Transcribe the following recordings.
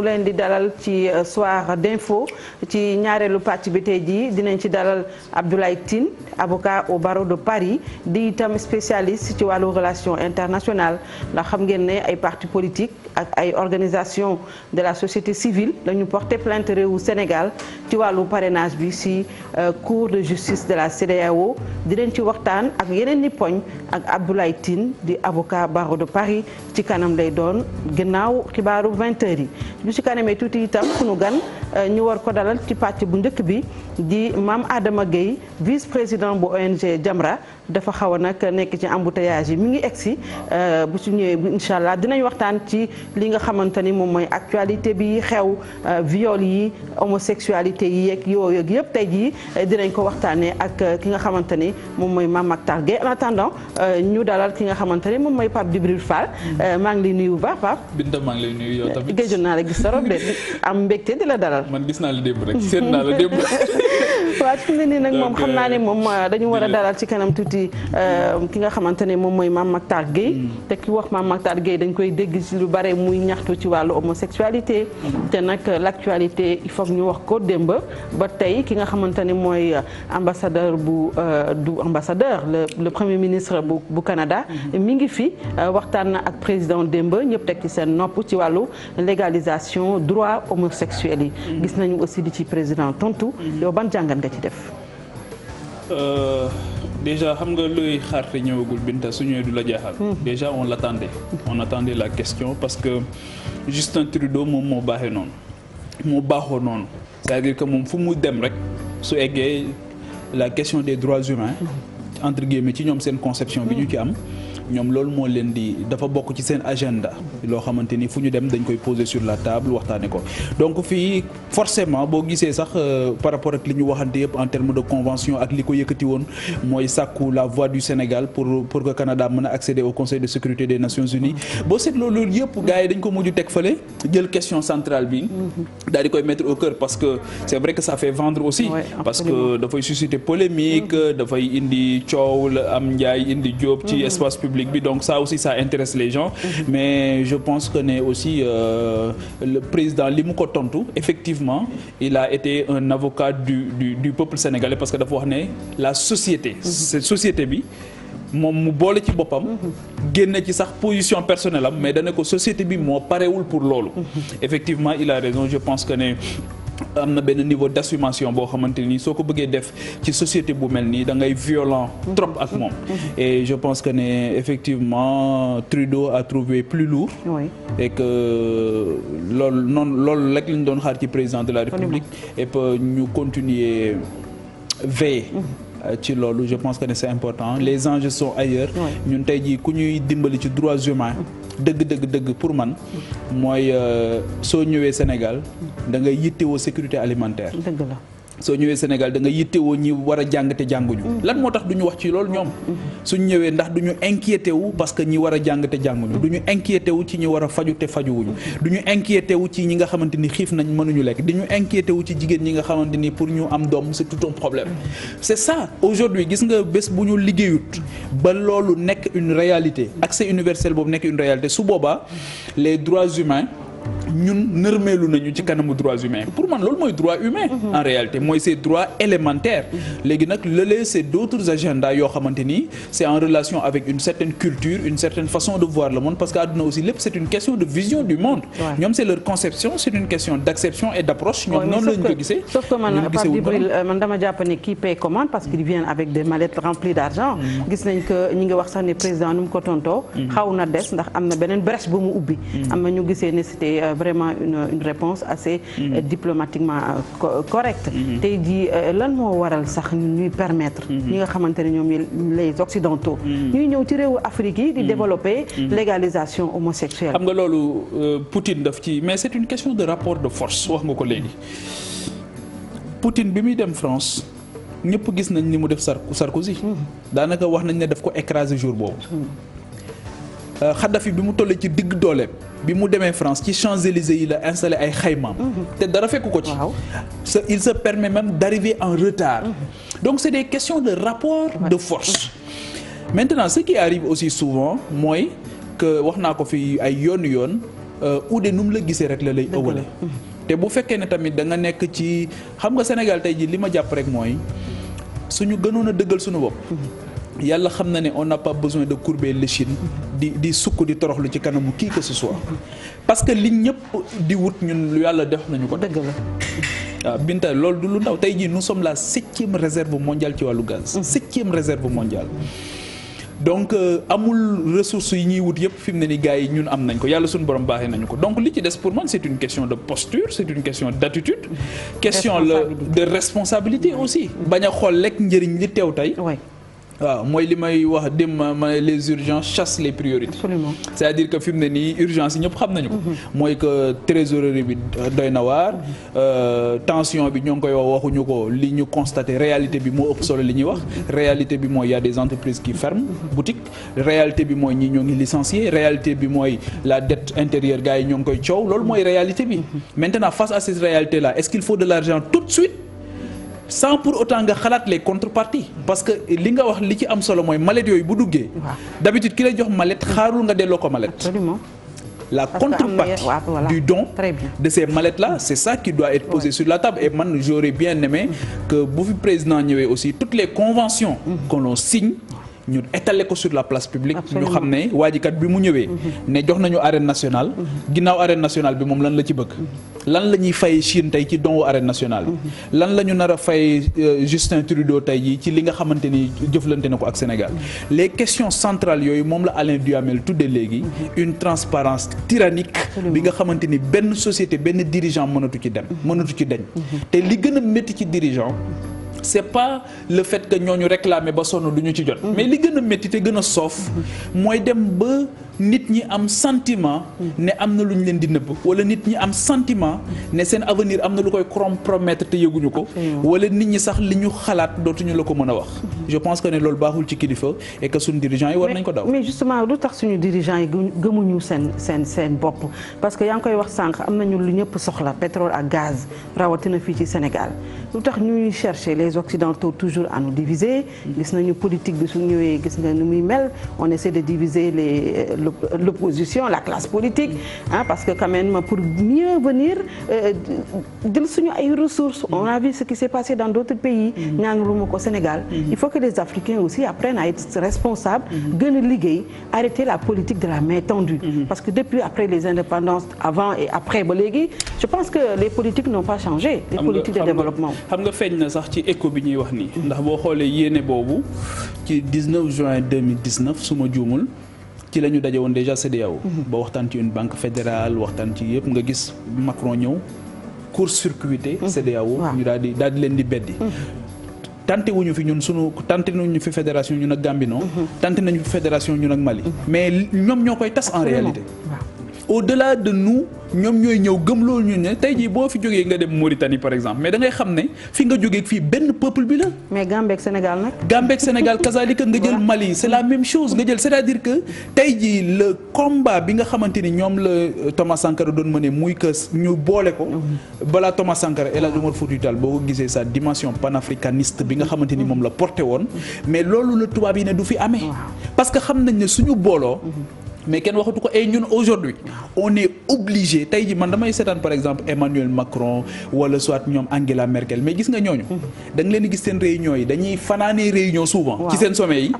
ñu leen di dalal ci euh, soir d'info ci ñaareelu pàcc bi tey jii dinañ ci dalal Abdoulaye Tine avocat au barreau de Paris di itam spécialiste ci wàllu relation internationale ndax xam ngeen ne ay parti politique ak ay organisation de la société civile dañu porté plainte réewu Sénégal ci wàllu parrainage bi ci euh, cour de justice de la CEDEAO di leen ci waxtaan ak yeneen ni poñ ak Abdoulaye Tine di avocat barreau de Paris ci kanam lay doon gannaaw xibaaru 20 heures yi bu ci kanamee tuuti itam sunu gan Euh, ñu war ko dalal ci pàcc bu njëkk bi di maam Adama Gueye vice président bu ONG Jamra dafa xaw a nag nekk ci embouteillage yi mi ngi egsi euh, bu su ñëwee bu incha allah dinañ waxtaan ci li nga xamante ni moom mooy actualité bi xew euh, viol yi homosexualité yi yeeg yoo yëpp tey jii dinañ ko waxtaanee ak ki nga xamante ni moom mooy Mame Mactar Gueye en attendant ñu dalal ki nga xamante ni moom mooy Pape Djibril Fall maa ngi lay nuyu bu baax Pape. Binta maa ngi lay la gis am mbégte di la dalal. waral. man gis naa la démb rek seet naa la démb. waaw fi mu nii nag moom xam naa ne euh, moom euh, dañu war a dalal ci kanam tuuti euh, ki nga xamante ne moom mooy Mame Mactar Guèye. Mm. te ki wax Mame Mactar Guèye dañ koy dégg ci lu bare muy ñaxtu ci wàllu homosexualité. Mm. te nag l' actualité il faut ñu wax ko démb ba tey ki nga xamante ne mooy ambassadeur bu du ambassadeur le le premier ministre bu bu Canada. Mm-hmm. mi ngi fi waxtaan na ak président démb ñëpp teg ci seen nopp ci wàllu légalisation droit homosexuel yi. gis nañu aussi di ci président tontu. yow ban jàngat nga ci def. Euh, déjà xam nga luy xaar te ñëwagul Binta su ñëwee du la jaaxal. Hmm. déjà on l'attendait. on attendait la question parce que Justin Trudeau moom moo baaxee noonu. moo baaxoo noonu. c'est-à-dire que moom fu mu dem rek su eggee la question des droits humains. Hmm. entre guillemets ci ñoom seen conception bi ñu ci am. Hmm. ñoom loolu moo leen di dafa bokk ci seen agenda loo xamante ni fu ñu dem dañ koy poser sur la table waxtaane ko donc fii forcément boo gisee sax euh, par rapport ak li ñu waxante yëpp en terme de convention ak li ko yëkkati woon mooy sàkku la voix du Sénégal pour que Canada mën a accéder au Conseil de sécurité des Nations Unies boo seetloo loolu yëpp gars yi dañ ko mujj teg fële jël question centrale bi mm-hmm. daal di koy mettre au cœur parce que c'est vrai que ça fait vendre aussi ouais, parce que dafay susciter polémique mm-hmm. dafay indi public bi donc ça aussi ça intéresse mhm. mais je pense que ne aussi euh, le président li mu ko tontu effectivement il a été un avocat du du, du peuple sénégalais parce que dafa wax ne la société mhm. société bi moom mu boole ci boppam mhm. génn ci sax position personnelle am mais dana ko société bi moo parewul pour loolu effectivement il a raison je pense que ne am na benn niveau d'assumation boo xamante nii soo ko bëggee def ci société bu mel nii da ngay violent trop ak moom mhm. et je pense que ne effectivement Trudeau a trouvé plus lourd oui. et que loolu noonu loolu rek lañ doon xaar ci président de la République et que ñu continuer veiller mhm. ci loolu je pense que ne c'est important les enjeux sont ailleurs ñun tey jii ku ñuy dimbali ci droits humains mhm. dëgg dëgg dëgg pour man mooy euh, soo ñëwee Sénégal da ngay yittewoo sécurité alimentaire dëgg la soo ñëwee Sénégal da nga yittewoo ñi war a jàng te jànguñu. Mm. lan moo tax du ñu wax ci loolu ñoom. Mm. suñ ñëwee ndax du ñu inquiété wu parce que ñi war a jàng te jànguñu. Mm. du ñu inquiété wu ci ñi war a faju te fajuwuñu. du ñu inquiété wu ci ñi nga xamante ni xiif nañ mënuñu lekk di ñu inquiété wu ci jigéen ñi nga xamante ni pour ñu am doom c'est tout un problème. c'est ça aujourd'hui gis nga bés bu ñu liggéeyut ba loolu nekk une réalité accès universel boobu nekk une réalité su boobaa les droits humains. ñun nërmeelu nañu ci kanamu droits humains pour man loolu mooy droit humain mhm. en réalité mooy ces droits élémentaires mhm. léegi nag lëlee c'est d'autres agendas yoo xamante ni c'est en relation avec une certaine culture une certaine façon de voir le monde parce que àdduna aussi lépp c'est une question de vision du monde ñoom c'est leur conception c'est une question d'acception et d'approche ñoom noonu lañu ko gisee sauf que euh, mm. mm. wax sax ne président nu ko tontoo mm. c'était euh, vraiment une une réponse assez euh, mm-hmm. diplomatiquement euh, correcte mm-hmm. tey jii lan moo waral sax ñuy permettre mm-hmm. ñi nga xamante ne ñoom les occidentaux ñuy ñëw ci réewu Afrique yi di développer légalisation homosexuelle xam nga loolu Poutine daf ci mais c'est une question de rapport de force wax nga ko léegi Poutine bi muy dem France ñëpp gis nañ ni mu def Sarkozy naka wax nañ ne daf ko écraser jour boobu Xaddafi euh, bi mu tollee ci digg dooleem bi mu demee France ci Champs-Élysées yi la installé ay xaymaam. Mhm. te dara fekk ko ci. il se permet même d'arriver en retard. Mhm. donc c'est des question de rapport de force. Mhm. maintenant ce qui arrive aussi souvent mooy que wax naa ko fi ay yoon yoon euh, uude nu mu la gisee rek la lay ëwale te bu fekkee ne tamit da nga nekk ci xam nga Sénégal tey ji li ma jàpp rek mooy suñu gënoon a dëggal suñu bopp yàlla xam na ne on n'a pas besoin de courber l'échine di di sukk di toroxlu ci kanamu kii que ce soit parce que li ñëpp di wut ñun lu yàlla def nañu ko de la waaw ah, Binta loolu du lu ndaw tey jii nu sommes la septième réserve mondiale ci wàllu gaz mm-hmm. septième réserve mondiale donc euh, amul ressources yi ñuy wut yëpp fi mu ne ni gars yi ñun am nañ ko yàlla suñu borom baaxee nañu ko donc li ci des pour man c'est une question de posture c'est une question d'attitude question responsabilité aussi mm-hmm. bañ a xool lekk njëriñ li teew tey waaw mooy li may wax dem ma les urgences chassent les priorités. absolument c'est-à-dire que fi mu ne nii urgence yi ñëpp xam nañu ko. Mhm. mooy que trésorerie bi euh, doy na waar. Mhm. Euh, tension bi ñoo ngi koy wax waxuñu ko li ñu constaté réalité bi moo ëpp solo li ñuy wax. réalité bi mooy y a des entreprises qui ferment boutique réalité bi mooy ñi ñoo ngi licencié réalité bi mooy la dette intérieure gars yi ñoo ngi koy coow loolu mooy réalité bi. Mhm. maintenant face à cette réalité là est-ce qu'il faut de l'argent tout de suite. sans pour autant nga xalaat les contreparties parce que li nga wax li ci am solo mooy mallette yooyu bu duggee. d'habitude ki lay jox mallette xaarul nga delloo ko mallette. la contrepartie du don de ces mallettes là c'est ça qui doit être posé sur la table et man j'aurais bien aimé que bu fi président ñëwee aussi toutes les conventions mm-hmm. que l'on signe ñu étaler ko sur la place publique. ñu xam ne waajikat bi mu ñëwee. ne jox nañu arène nationale. ginnaaw arène nationale bi moom lan la ci bëgg. lan la ñuy fay Chine tey ci donwu arène nationale bi. lan la ñu nar a fay euh, Justin Trudeau tey jii ci li nga xamante ni jëflante na ko ak Sénégal. les questions centrales yooyu moom la Alain Duhamel tudde léegi. une transparence tyrannique. bi nga xamante ni benn société benn dirigeant mënatu ci dem mënatu ci deñ te li c'est pas le fait que ñooñu réclamer ba sonn duñu ci jot mm-hmm. mais li gën a métti te gën a soof mooy dem ba nit ñi am sentiment ne am na lu ñu leen di nëbb wala nit ñi am sentiment ne seen avenir am na lu koy compromettre te yëguñu ko wala nit ñi sax li ñu xalaat dootuñu la ko mën a wax je pense que ne loolu baaxul ci kilifa et que suñu dirigeants yi war nañ ko daw mais justement lu tax suñu dirigeants yi gëmuñu seen seen seen bopp parce que yaa ngi koy wax sànq am na ñu lu ñëpp soxla pétrole ak gaz rawatina fii ci Sénégal lu tax ñuy chercher les occidentaux toujours à diviser gis nañu politique bi su ñëwee gis nga nu muy mel on essaie de diviser l'opposition la classe politique parce que quand même pour mieux venir euh, jël suñu ay ressources on a vu ce qui s'est passé dans d'autres pays ñaanaluma ko Sénégal il faut que les Africains aussi apprennent à être responsables gën a liggéey arrêter la politique de la main tendue parce que depuis après les indépendances avant et après ba léegi je pense que les politiques n'ont pas changé les politiques de développement xam nga feeñ na sax ci éco bi ñuy wax nii ndax boo xoolee yéene boobu ci 19 juin 2019 su ma juumul ci la ñu daje woon déjà CEDEAO ba waxtaan ci une banque fédérale waxtaan ci yëpp nga gis Macron ñëw court-circuité mhm. CEDEAO ñu daal di daal di leen di beddi mhm. tante wuñu fi ñun sunu tante nañu fi fédération ñu nag Gambie non mhm. tante nañu fi fédération ñu nag Mali mais ñoom ñoo koy tas en réalité au-delà de nous ñoom ñooy ñëw gëm loolu ñu ne tey jii boo fi jógee nga dem Mauritanie par exemple mais da xam ne fi nga jógee fii benn peuple bi la. mais Gambie ak Sénégal nag. Gambie ak Sénégal kazalika nga jël Mali c'est la même chose nga jël c'est-à-dire que tey jii le combat bi nga xamante ni ñoom la euh, Thomas Sankara doon ma ne muy que ñu boole ko. Mhm. balaa Thomas Sankara El Hadj Omar Foutiyou Tall boo ko gisee sa dimension panafricaniste bi nga xamante ni moom la porté woon mhm. mais loolu la tubaab yi ne du fi amee. parce que xam nañ suñu booloo. Mhm. mais kenn waxatu ko ay ñun aujourd'hui on est obligé tey ji man damay seetaan par exemple Emmanuel Macron wala soit ñoom Angela Merkel mais gis nga ñooñu da nga leen di gis seen réunion yi dañuy fanaanee réunion souvent ci seen sommet yi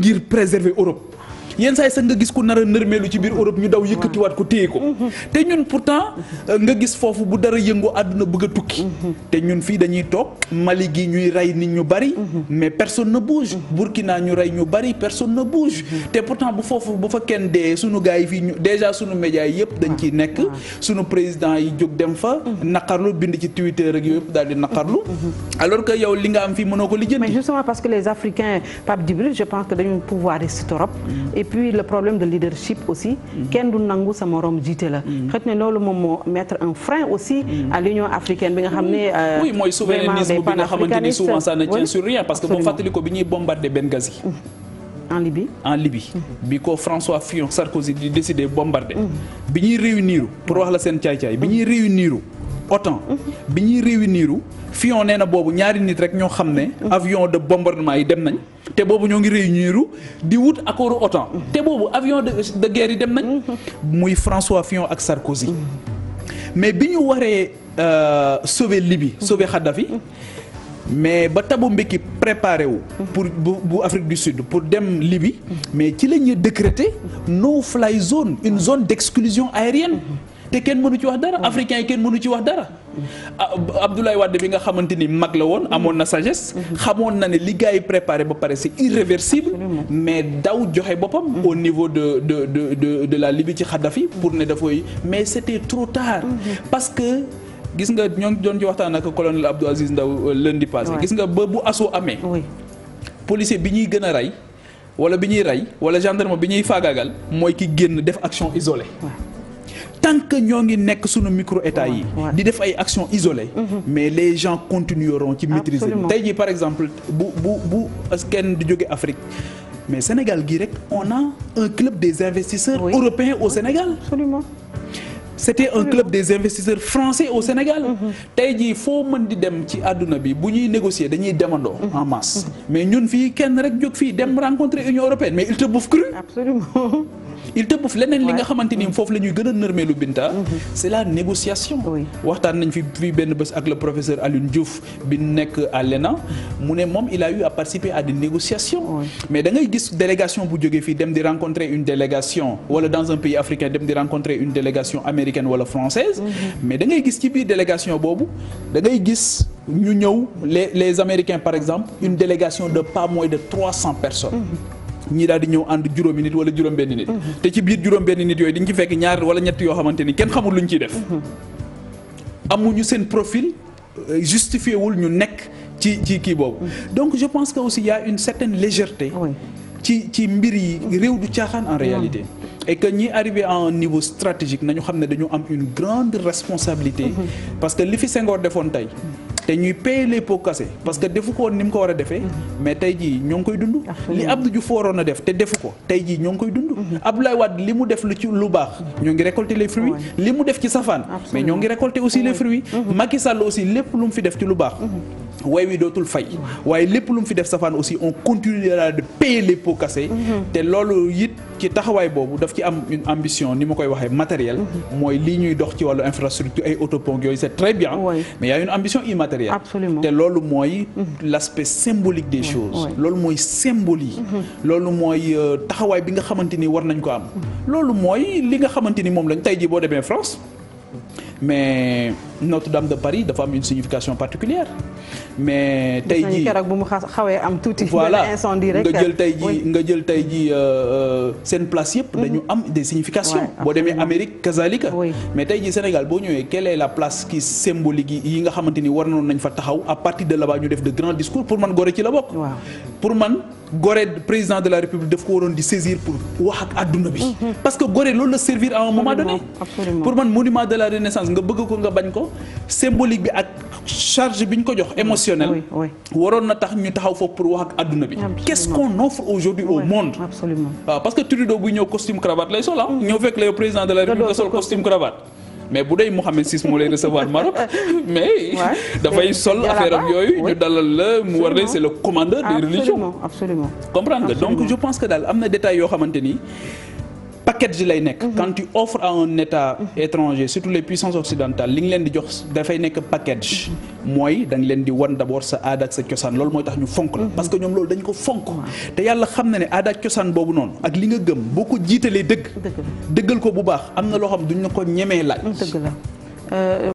ngir préserver Europe yenn saa yi sax nga gis ku nara a nërmeelu ci biir Europe ñu daw yëkkatiwaat ko téye ko te ñun pourtant euh, nga gis foofu bu dara yëngoo àdduna bëgg a tukki te ñun fii dañuy toog Mali gi ñuy rey nit ñu bari mais personne ne bouge Burkina ñu rey ñu bari personne ne bouge te pourtant bu foofu bu fa kenn dee sunu gars yi fii ñu déjà sunu médias yi yëpp dañ ciy nekk sunu président yi jóg dem fa naqarlu bind ci Twitter ak yooyu yëpp daal di naqarlu alors que yow li nga am fii mënoo ko lijjanti mais justement parce que les Africains Pape Djibril je pense que dañu pouvoir trop puis le problème de leadership aussi. Mhm. kenn du nangu sa morom jiite la. Mhm. xëy na loolu moom moo mettre un frein aussi. Mhm. à l'Union africaine bi nga xam ne. oui euh, mooy souverainisme bi nga xamante ni souvent ne tient bi ñuy wax la seen caay-caay bi ñuy mmh. réunir OTAN. Mmh. bi ñuy réunir Fillon nee na boobu ñaari nit rek ñoo xam ne. Mmh. avion de bombardement yi dem nañ. te boobu ñoo ngi réuniru di wut accord OTAN te boobu avion de de guerre yi dem nañ muy François Fillon ak Sarkozy mais bi ñu waree euh, sauver Libye sauver Kadhafi mais ba Thabo Mbeki préparé wu. pour bu bu Afrique du Sud pour dem Libye mais ci la ñuy décréter no fly zone une zone d'exclusion aérienne. te kenn mënu ci wax dara africain yi kenn mënu ci wax dara mm-hmm. Abdoulaye Wade bi nga xamante ni mag la woon amoon na sagesse mm-hmm. Mm-hmm. xamoon na ne li gars yi préparé ba pare c'est irréversible mais daw joxe boppam au niveau de de de de de la Libye ci xaddafi pour ne dafay mais c'était trop tard parce que gis nga ñoo doon ci waxtaan ak colonel Abdou Aziz Ndaw euh, lundi passé gis nga ba bu assaut amee policier bi ñuy gën a rey wala bi ñuy rey wala gendarme bi ñuy faagaagal mooy ki génn def action isolée tant que ñoo ngi nekk suñu micro état yi di def ay actions isolées mm-hmm. mais les gens continueront ci maîtriser tey jii par exemple bu bu kenn di jóge Afrique mais Sénégal gii rek on a un club des investisseurs européens au Sénégal c'était un club des investisseurs français au Sénégal mm-hmm. tey jii foo mën di dem ci àdduna bi bu ñuy négocier dañuy demandoo mm-hmm. en masse mais ñun fii kenn rek jóg fii dem rencontrer Union européenne mais il te bouffe cru il tëbb leneen li nga xamante ni mm. foofu la ñuy gën a nërmeelu Binta mm-hmm. c'est la négociation waxtaan nañ fi fii benn bés ak le professeur Alioune Diouf bi nekk à l'ENA mu ne moom il a eu à participer à des négociations mais dangay gis délégation bu jógee fii dem di rencontrer une délégation wala dans un pays africain dem di rencontrer une délégation américaine wala française mm-hmm. mais da ngay gis ci biir délégation boobu da ngay gis ñu ñëw les les américains par exemple une délégation de pas moins de trois cents personnes mm-hmm. ñii daal di ñëw ànd juróomi nit wala juróom benn nit te ci biir juróom benn nit yooyu di ñu ci fekk ñaar wala ñett yoo xamante ni kenn xamul lu ñu ciy def amuñu seen profil euh, justifié wul ñu nekk ci ci kii boobu donc je pense que aussi y a une certaine légèreté ci ci mbir yi réew du caaxaan en réalité et que ñi arrivé en un niveau stratégique nañu xam ne dañu am une grande responsabilité mm-hmm. parce que li fi Senghor defoon tey te ñuy payer les kase parce que defu ko woon ni mu ko war a defee mais tey ji ñoo ngi koy dund li Abdou Diouf fooroon a def te defu ko tey jii ñoo ngi koy dund mhm. Abdoulaye Wade li mu def lu ci lu baax ñoo ngi récolter les fruits li mu def ci safaan mais ñoo ngi récolter aussi les fruits mhm. Macky Sall aussi lépp lu mu fi def ci lu baax mhm. way wi dootul fay waaye lépp lu mu fi def safaan aussi on continuera de payer les pots mm-hmm. te loolu it ci taxawaay boobu daf ci am une ambition ni ma koy waxee matériel mm-hmm. mooy lii ñuy dox ci wàllu infrastructure ay autopont yooyu c'est très bien oui. mais y a une ambition immatérielle absolument te loolu mooy mm-hmm. l'aspect symbolique des oui. loolu mooy symbole yi loolu mooy euh, taxawaay bi nga xamante ni war nañ ko am loolu mooy li nga xamante ni moom lañ tey jii boo demee France mais Notre-Dame de Paris dafa am une signification particulière mais tey jii keroog bu mu xawee am tuuti. voilà incendie rek nga jël tey jii nga jël tey jii euh, euh, seen place yëpp. Mm-hmm. dañu am des significations. boo demee Amérique kazalika. mais tey jii Sénégal boo ñëwee quelle est la place qui symbolique yi nga xamante ni war nañ fa taxaw a partir de là-bas ñu def de grands discours pour man gore ci la bokk. pour man. Gorée président de la République daf ko waroon di saisir pour wax ak adduna bi. Mhm. parce que Gorée loolu la servir à un moment donné. pour man monument de la renaissance nga bëgg ko nga bañ ko symbolique bi ak charge bi ñu ko jox émotionnel. waroon na tax ñu taxaw foofu pour wax ak adduna bi. qu'est-ce qu'on offre aujourd'hui au monde. waaw parce que Trudeau bu ñëw costume cravate lay sol ah. mm. ñëw fekk le président de la République nga sol costume cravate. mais bu dee Mohamed Sis moo lay recevoir Maroc mais. dafay sol affaire am yooyu ñu dalal la mu war lay c'est le commandeur des religions. absolument absolument comprendre nga donc je pense que daal am na détails yoo xamante ni. package lay nekk. Mhm. quand tu offres à un état mhm. étranger surtout les puissances occidentales li nga leen di jox dafay nekk package. Mhm. mooy da nga leen di wan d' sa aada ak sa cosaan loolu mooy tax ñu fonk la. parce que ñoom loolu dañ ko fonk. te yàlla xam na ne aada ak cosaan boobu noonu ak li nga gëm boo ko jiitalee dëgg. dëggal ko bu baax am na loo xam duñ na ko ñemee laaj. dëgg la. Euh,